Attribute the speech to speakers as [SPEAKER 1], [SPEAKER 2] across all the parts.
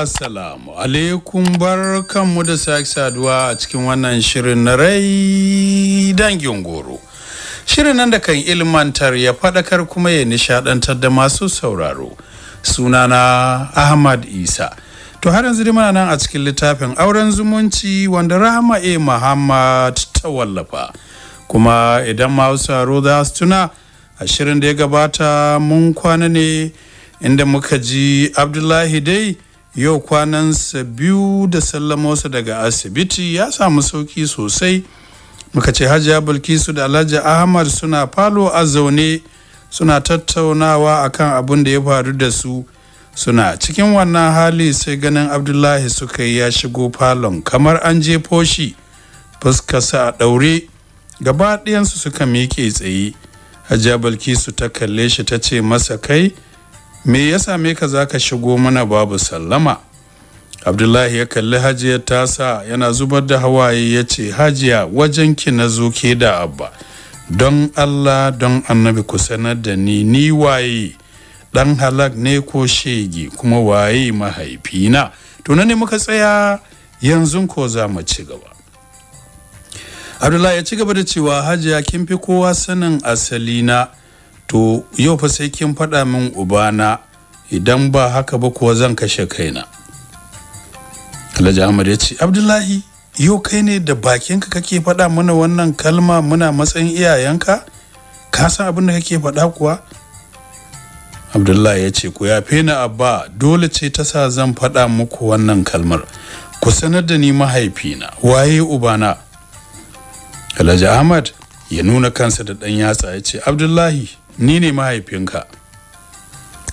[SPEAKER 1] Assalamu alaikum bar da sake saduwa a cikin wannan shirin na rai dangin goro. Shirin nan da kan ilmantar ya faɗakar kuma ya nishaɗantar da masu sauraro. Sunana Ahmad Isa. To har yanzu muna nan a cikin littafin auren zumunci wanda Rahama A. Muhammad ta wallafa. Kuma idan masu sauraro za su tuna a shirin da ya gabata mun kwana ne inda muka ji Abdullahi dai. yau kwanansa biyu da sallamosa daga asibiti ya samu sauki sosai muka ce hajiya bilkisu da alhaji ahmad suna falo a zaune suna tattaunawa akan abin da ya faru da su suna cikin wannan hali sai ganin abdullahi suka yi ya shigo falon kamar an jefo shi fuskarsa a ɗaure gaba ɗayansu suka miƙe tsaye hajiya bilkisu ta kalle shi ta ce masa kai me ya same ka za ka shigo mana babu sallama abdullahi ya kalli hajiya ta sa yana zubar da hawaye ya ce hajiya wajen ki na zo ke da abba don allah don annabi ku sanar da ni ni waye dan halak ne ko shege kuma waye mahaifina to ne muka tsaya yanzu ko za mu ci gaba abdullahi ya ci gaba da cewa hajiya kin fi kowa sanin asali na to yau fa sai kin faɗa min ubana idan ba haka ba kuwa zan kashe kaina alhaji ahmad ya ce abdullahi yau kai ne da bakinka kake faɗa mana wannan kalma muna matsayin iyayenka ka san abin da kake faɗa kuwa abdullahi ya ce ku yafe ni abba dole ce ta sa zan faɗa muku wannan kalmar ku sanar da ni mahaifina waye ubana alhaji ahmad ya nuna kansa da ɗan yatsa ya ce abdullahi ni ne mahaifinka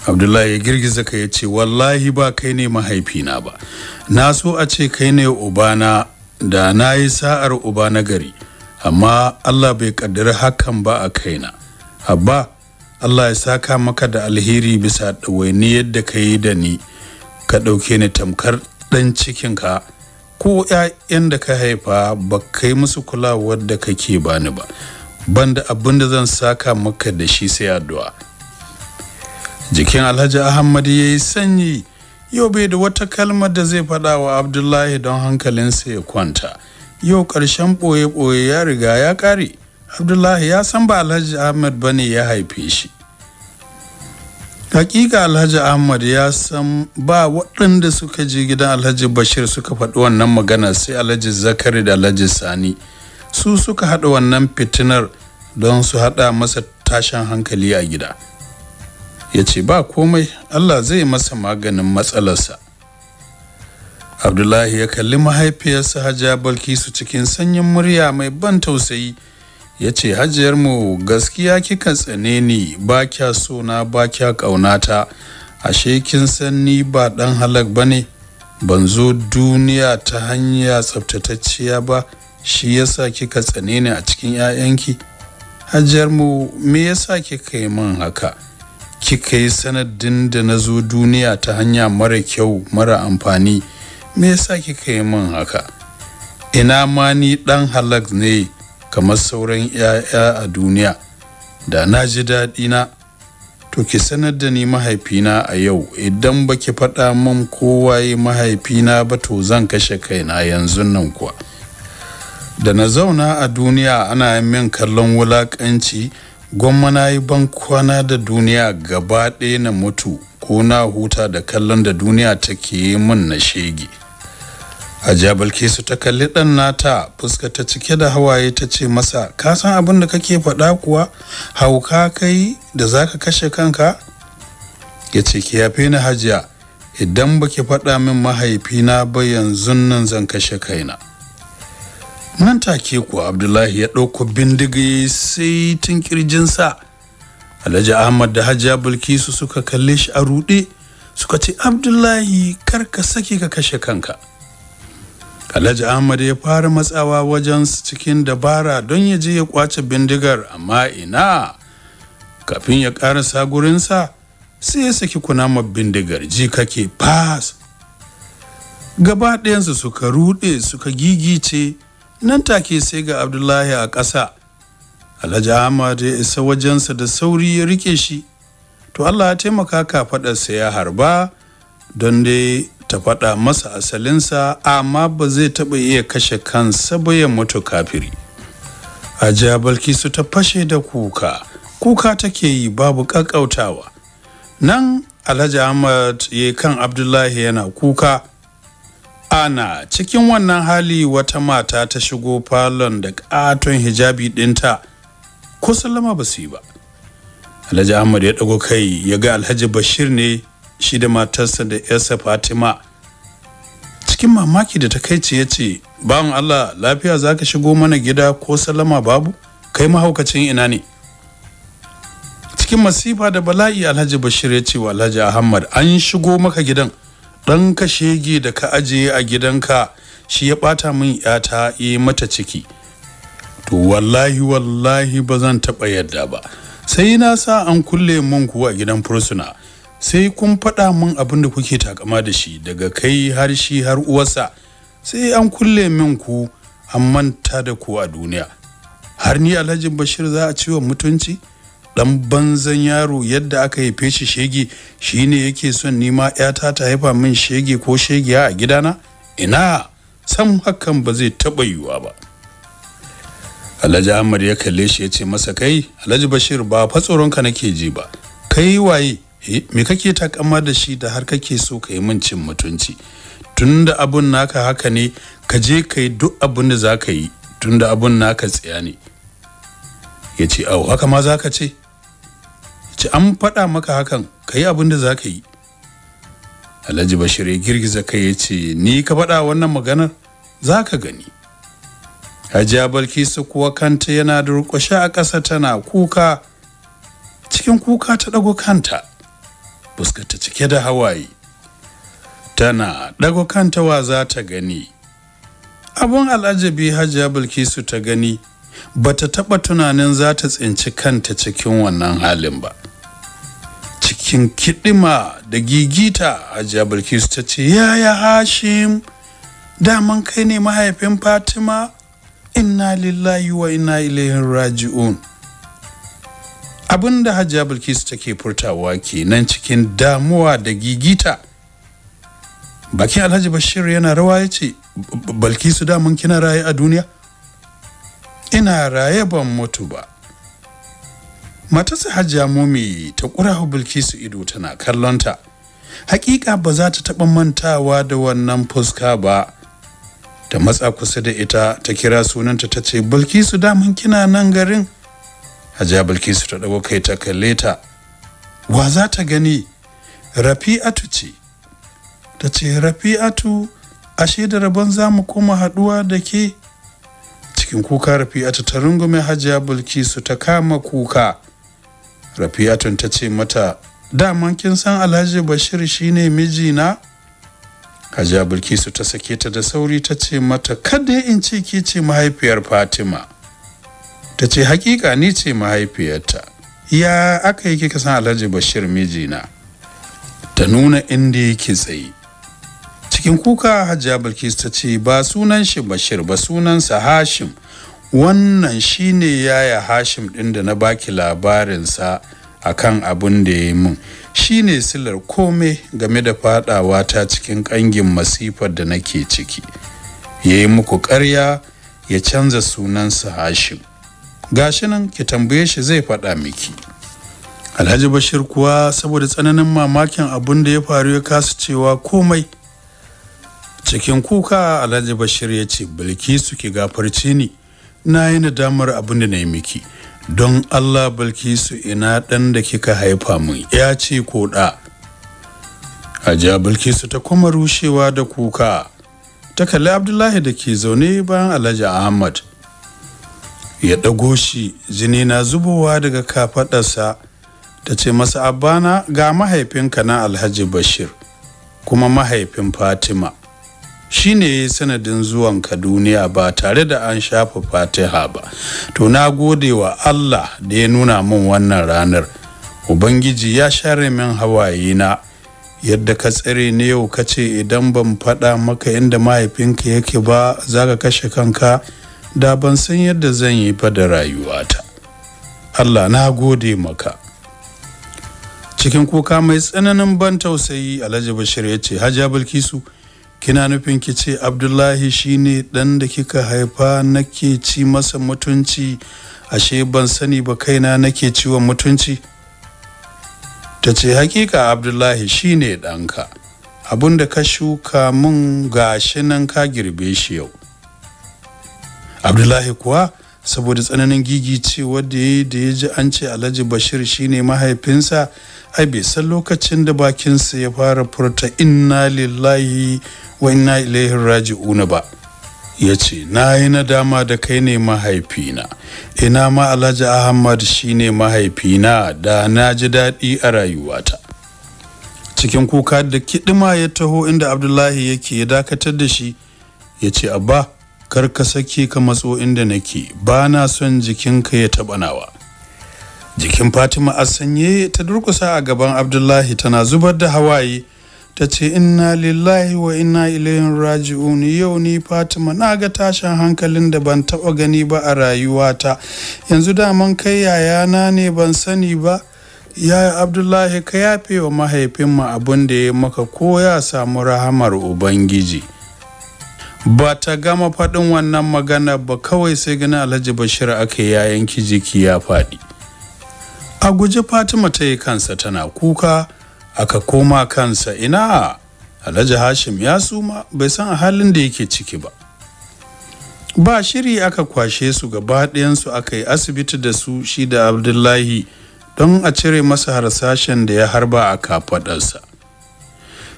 [SPEAKER 1] abdullahi ya girgiza ka ya ce wallahi ba kai ne mahaifina ba na so a ce kai ne ubana da na yi sa'ar uba na gari amma allah bai kaddara hakan ba a kaina abba allah ya saka maka da alheri bisa ɗawaini yadda ka yi da ni ka ɗauke ni tamkar ɗan cikinka ko 'ya'yan da ka haifa ba kai musu kulawar da kake bani ba banda abin da zan saka maka da shi sai addu'a jikin alhaji ahmad ya yi sanyi yau bai da wata kalmar da zai faɗa wa abdullahi don hankalinsa ya kwanta yau ƙarshen ɓoye-ɓoye ya riga ya ƙare abdullahi ya san ba alhaji ahmad ba ne ya haife shi hakika alhaji ahmad ya san ba waɗanda suka je gidan alhaji bashir suka faɗi wannan magana sai alhaji zakari da alhaji sani su suka haɗa wannan fitinar don su haɗa masa tashin hankali a gida ya ce ba komai allah zai masa maganin matsalarsa abdullahi ya kalli mahaifiyarsa hajiya balkisu cikin sanyin murya mai ban tausayi ya ce hajiyarmu gaskiya kika tsane ni ba kya sona ba kya ƙaunata ashe kin san ni ba ɗan halak ba ne ban zo duniya ta hanya tsaftatacciya ba shi yasa kika tsane ni a cikin 'ya'yanki hajjar mu me yasa kika yi min haka kika yi sanadin da na zo duniya ta hanya mara kyau mara amfani me yasa kika yi min haka ina ma ni ɗan halak ne kamar sauran 'ya'ya a duniya da na ji daɗi na to ki sanar da ni mahaifina a yau idan baki faɗa min kowaye mahaifina ba to zan kashe kaina yanzu nan kuwa da na zauna a duniya ana min kallon wulakanci gwamma na yi bankwana da duniya gaba ɗaya na mutu ko na huta da kallon da duniya take yi min na shege a jabal kesu ta kalli ɗan nata fuska ta cike da hawaye ta ce masa ka san abin da kake faɗa kuwa hauka kai da za ka kashe kanka ya ce ki yafe ni hajiya idan baki faɗa min mahaifina ba yanzu nan zan kashe kaina nan take kuwa abdullahi ya ɗauko bindigi sai tun kirjinsa alhaji ahmad da hajiya bulkisu suka kalle shi a ruɗe suka ce abdullahi kar ka sake ka kashe kanka alhaji ahmad ya fara matsawa wajen cikin dabara don ya je ya kwace bindigar amma ina kafin ya karasa gurinsa sai ya saki kunama bindigar ji kake fas gaba ɗayansu suka ruɗe suka gigice nan take sai ga abdullahi a ƙasa alhaji ahmad ya isa wajensa da sauri ya rike shi to allah ya taimaka ka faɗarsa ya harba don dai ta faɗa masa asalinsa amma ba zai taɓa iya kashe kansa ba ya mutu kafiri hajiya su ta fashe da kuka kuka take yi babu ƙaƙƙautawa nan alhaji ahmad ya kan abdullahi yana kuka ana cikin wannan hali wata mata ta shigo falon da katon hijabi ɗinta ko sallama ba su yi ba alhaji ahmad ya ɗago kai ya ga alhaji bashir ne shi da matarsa da yarsa fatima cikin mamaki da ta ce ya ce bawan allah lafiya za ka shigo mana gida ko Salama babu kai mahaukacin ina ne cikin masifa da bala'i alhaji bashir ya ce wa alhaji ahmad an shigo maka gidan ɗan ka shege da ka ajiye a gidanka shi ya ɓata min yata yi mata ciki to wallahi wallahi ba zan taɓa yadda ba sai na sa an kulle mun kuwa gidan fursuna sai kun faɗa min abin da kuke takama da shi daga kai har shi har uwarsa sai an kulle min ku an manta da ku a duniya har ni alhaji bashir za a ciwon mutunci dan banzan yaro yadda aka haife shi shege shine yake son nima yata ta haifa min shege ko shegiya a gidana ina san hakan ba zai taɓa yiwuwa ba alhaji ahmad ya kalle shi ya ce masa kai alhaji bashir ba fa nake ji ba kai waye eh, me kake takama da shi da har kake so ka yi min cin mutunci tunda abun naka haka ne ka je ka yi duk abun da za ka yi tunda abun naka tsaya ne ya ce au haka ma za ka ce ci an faɗa maka hakan ka yi abin da za ka yi alhaji bashir ya girgiza kai ya ce ni ka faɗa wannan maganar za ka gani hajiya balkisu kuwa kanta yana da rukwashe a ƙasa tana kuka cikin kuka ta ɗago kanta fuskarta cike da hawaye tana ɗago kanta wa za ta gani abun al'ajabi hajiya bilkisu ta gani bata taba tunanin za ta tsinci kanta cikin wannan halin ba cikin kidima da gigita hajiya bilkisu ta ce yaya hashim daman kai ne mahaifin fatima inna lillahi wa inna ilaihi raji'un abinda hajiya bilkisu take furtawa kenan cikin damuwa da gigita bakin alhaji bashir yana rawa ya ce bilkisu daman kina raye a duniya ina raye ban mutu ba matarsa hajiya momi ta ƙura bilkisu ido tana kallonta hakika ba za ta taɓa mantawa da wannan fuska ba ta matsa kusa da ita ta kira sunanta ta ce bilkisu mun kina nan garin hajiya bilkisu ta ɗago kai ta kalle ta wa za ta gani rafi'atu ce ta ce rafi'atu ashe da rabon za mu koma haɗuwa da ke cikin kuka rafi'atu ta rungume hajiya bulkisu ta kama kuka rafi'atun ta ce mata daman kin san alhaji bashir shine mijina hajiya bulkisu ta sake ta da sauri ta ce mata kada in ce ki ce mahaifiyar fatima ta ce hakika ni ce mahaifiyarta ya aka yi kika san alhaji bashir mijina ta nuna inda yake tsaye cikin kuka hajiya bilkis ta ce ba sunan shi bashir ba sunansa hashim wannan shine yaya hashim ɗin da na baki labarinsa akan abin da ya yi min shine silar komai game da fadawa ta cikin ƙangin masifar da nake ciki ya yi muku karya ya canza sunansa hashim gashi nan ki tambaye shi zai fada miki alhaji bashir kuwa saboda tsananin mamakin abun da ya faru ya kasa cewa komai cikin kuka alhaji bashir ya ce bilkisu ki gafarci ni na yi nadamar abin da na yi miki don allah bilkisu ina ɗan da kika haifa mun ya ce ko ɗa hajiya bilkisu ta kuma rushewa da kuka ta kalli abdullahi da ke zaune bayan alhaji ahmad ya ɗago shi jini na zubowa daga kafaɗarsa ta ce masa abana ga mahaifinka na alhaji bashir kuma mahaifin fatima shine sanadin zuwanka duniya ba tare da an shafa fatiha ba to na gode wa allah da ya nuna min wannan ranar ubangiji ya share min hawaye na yadda ka tsare ne yau ka ce idan ban faɗa maka inda mahaifinka yake ba za ka kashe kanka da ban san yadda zan yi fa da rayuwata allah na gode maka cikin kuka mai tsananin ban tausayi alhaji bashir ya ce hajiya bilkisu kina nufin ki ce abdullahi shine ɗan da kika haifa nake ci masa mutunci ashe ban sani ba kaina nake ciwon mutunci ta ce hakika abdullahi shine ɗanka abun da ka shuka mun gashi nan ka girbe shi yau abdullahi kuwa saboda tsananin gigi ce wadda ya da ya ji an ce alhaji bashir shine mahaifinsa ai bai san lokacin da bakinsa ya fara furta inna lillahi wa inna raji'u una ba ya ce na yi nadama da kai ne mahaifina ina ma alhaji ahmad shi ne mahaifina da na ji daɗi a rayuwata cikin kuka da kiɗima ya taho inda abdullahi yake ya dakatar da shi ya ce abba kar ka sake ka matso inda nake ba na son jikinka ya taɓa nawa jikin fatima a sanye ta durkusa a gaban abdullahi tana zubar da hawaye ta ce inna lillahi wa inna ilayhin raji'un yau ni fatima na ga tashin hankalin da ban taɓa gani ba a rayuwata yanzu daman kai yayana ne ban sani ba yaya abdullahi ka yafe wa mahaifinmu abin da ya maka ko ya samu rahamar ubangiji ba ta gama faɗin wannan magana ba kawai sai gani alhaji bashir aka ya yanki jiki ya faɗi a guji fatima ta yi kansa tana kuka aka koma kansa ina alhaji hashim ya suma bai san halin da yake ciki ba ba shiri aka kwashe su gaba ɗayansu aka yi asibiti da su shi da abdullahi don a cire masa harsashen da ya harba a kafaɗarsa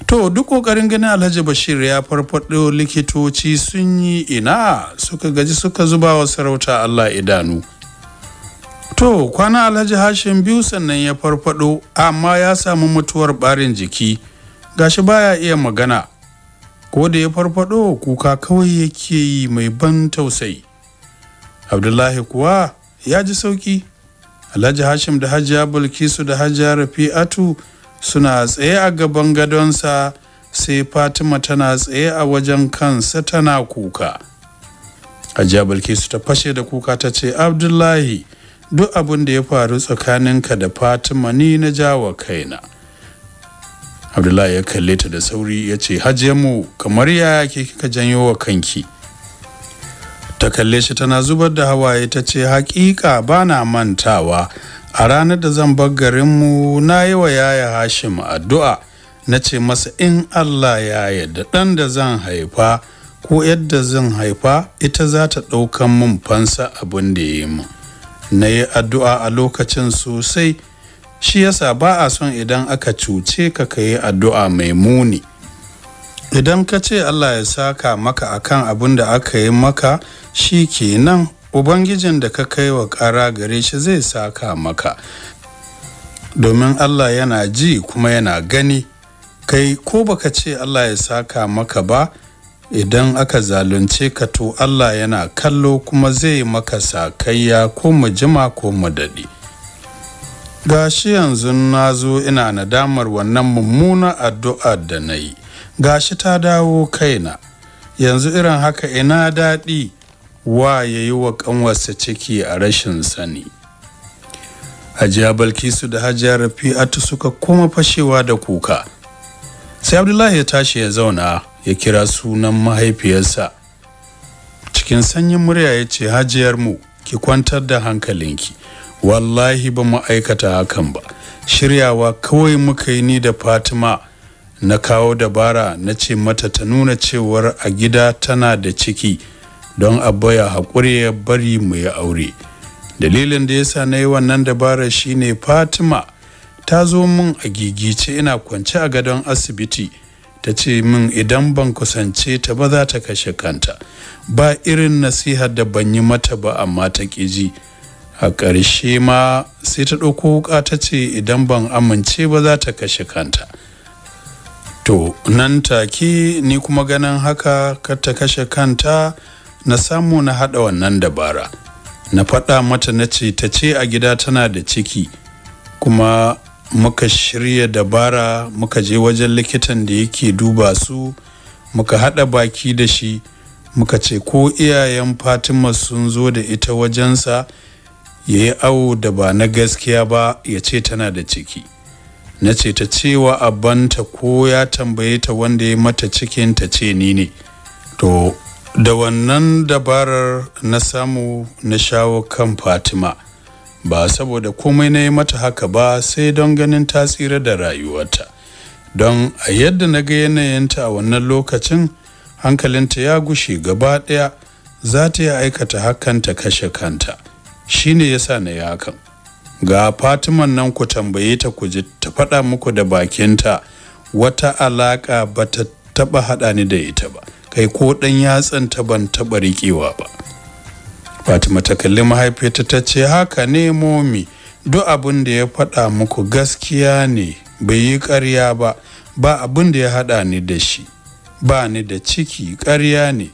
[SPEAKER 1] to duk ƙoƙarin ganin alhaji bashir ya farfaɗo likitoci sun yi ina suka gaji suka zuba wa sarauta allah idanu To kwana Alhaji Hashim biyu sannan ya farfado amma ya samu mutuwar barin jiki gashi baya iya magana ko da ya farfado kuka kawai yake yi mai ban tausayi. Abdullahi kuwa ya ji sauki Alhaji Hashim da Hajiya Bilkisu da Hajiya Rafi'atu suna tsaye a gaban gadonsa sai Fatima tana tsaye a wajen kansa tana kuka. Hajiya Bilkisu ta fashe da kuka ta ce Abdullahi duk abin da ya faru tsakanin ka da fatima ni na jawa kaina abdullahi ya kalle ta da sauri ya ce mu kamar ya yake kika janyo wa kanki ta kalle shi tana zubar da hawaye ta ce hakika ba na mantawa a ranar da zan bar garinmu na yi wa yaya hashim addu'a na ce masa in allah ya yarda ɗan da zan haifa ko yadda zan haifa ita za ta ɗaukan mun fansa abin da ya yi min na yi addu'a a lokacin sosai shi yasa ba a son idan aka cuce ka ka yi addu'a mai muni idan ka ce allah ya saka maka akan abin da aka yi maka shi kenan ubangijin da ka kai wa ƙara gare shi zai saka maka domin allah yana ji kuma yana gani kai ko baka ce allah ya saka maka ba idan aka zalunce ka to Allah yana kallo kuma zai maka sakayya ko mu jima ko mu daɗi shi yanzu na zo ina nadamar wannan mummuna addu'a da na yi ga shi ta dawo kaina yanzu irin haka ina daɗi wa ya yi wa ƙanwarsa ciki a rashin sani hajiya balkisu da hajiya rafi'atu suka kuma fashewa da kuka sai abdullahi ya tashi ya zauna ya kira sunan mahaifiyarsa cikin sanyin murya ya ce hajiyar mu ki kwantar da hankalinki wallahi ba mu aikata hakan ba shiryawa kawai muka yi ni da fatima na kawo dabara na ce mata ta nuna cewar a gida tana da ciki don abba ya haƙuri ya bari mu ya aure dalilin da ya sa na yi wannan dabarar shine fatima ta zo min a gigice ina kwance a gadon asibiti ta ce min idan ban kusance ta ba za ta kashe kanta ba irin nasihar da ban yi mata ba amma ta ji a ƙarshe ma sai ta ɗauko wuƙa ta ce idan ban amince ba za ta kashe kanta to nan take ni kuma ganin haka kar ta kashe kanta na samu na haɗa wannan dabara na faɗa mata na ce ta ce a gida tana da ciki kuma muka shirya dabara muka je wajen likitan da yake duba su muka haɗa baki da shi muka ce ko iyayen fatima sun zo da ita wajensa ya yi awo da ba na gaskiya ba ya ce tana da ciki na ce ta cewa abanta ko ya tambaye ta wanda ya mata cikin ta ce ni ne to da wannan dabarar na samu na shawo kan fatima ba saboda komai na yi mata haka ba sai don ganin ta tsira da rayuwarta don a yadda na ga yanayinta a wannan lokacin hankalinta ya gushe gaba ɗaya za ta yi aikata hakan ta kashe kanta shine yasa na yi hakan ga fatiman nan ku tambaye ta ku ji ta faɗa muku da bakinta wata alaƙa ba ta taɓa haɗa ni da ita ba kai ko ɗan yatsan ta ban taɓa riƙewa ba fatima ta kalli mahaifiyarta ta ce haka ne momi duk abin da ya faɗa muku gaskiya ne bai yi karya ba ba abin da ya haɗa ni da shi ba ni da ciki karya ne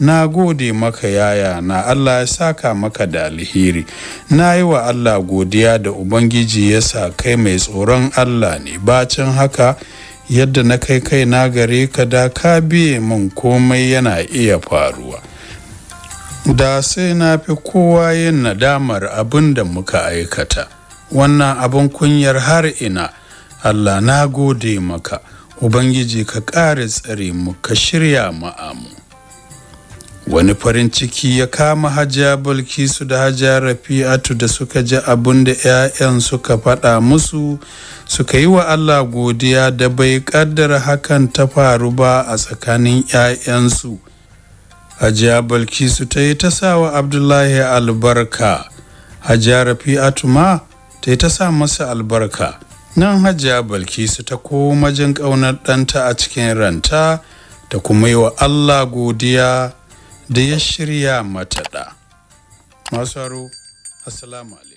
[SPEAKER 1] na gode maka yaya na allah ya saka maka da alheri na yi wa allah godiya da ubangiji ya sa kai mai tsoron allah ne bacin haka yadda na kai kai na gare ka da ka biye min komai yana iya faruwa da sai na fi kowa yin nadamar abin da muka aikata wannan abin kunyar har ina allah na gode maka ubangiji ka ƙare tsare mu ka shirya ma'amu wani farin ciki ya kama hajiya bulkisu da hajiya rafi'atu da suka ji abin da 'ya'yan suka faɗa musu suka yi wa allah godiya da bai ƙaddara hakan ta faru ba a tsakanin 'ya'yansu hajiya balkisu ta yi ta sawa abdullahi albarka hajiya rafi'atu ma ta yi ta sa masa albarka nan hajiya balkisu ta koma jin ƙaunar ɗanta a cikin ranta ta kuma yi wa allah godiya da ya shirya mata ɗa. masu haro assalamu alaikum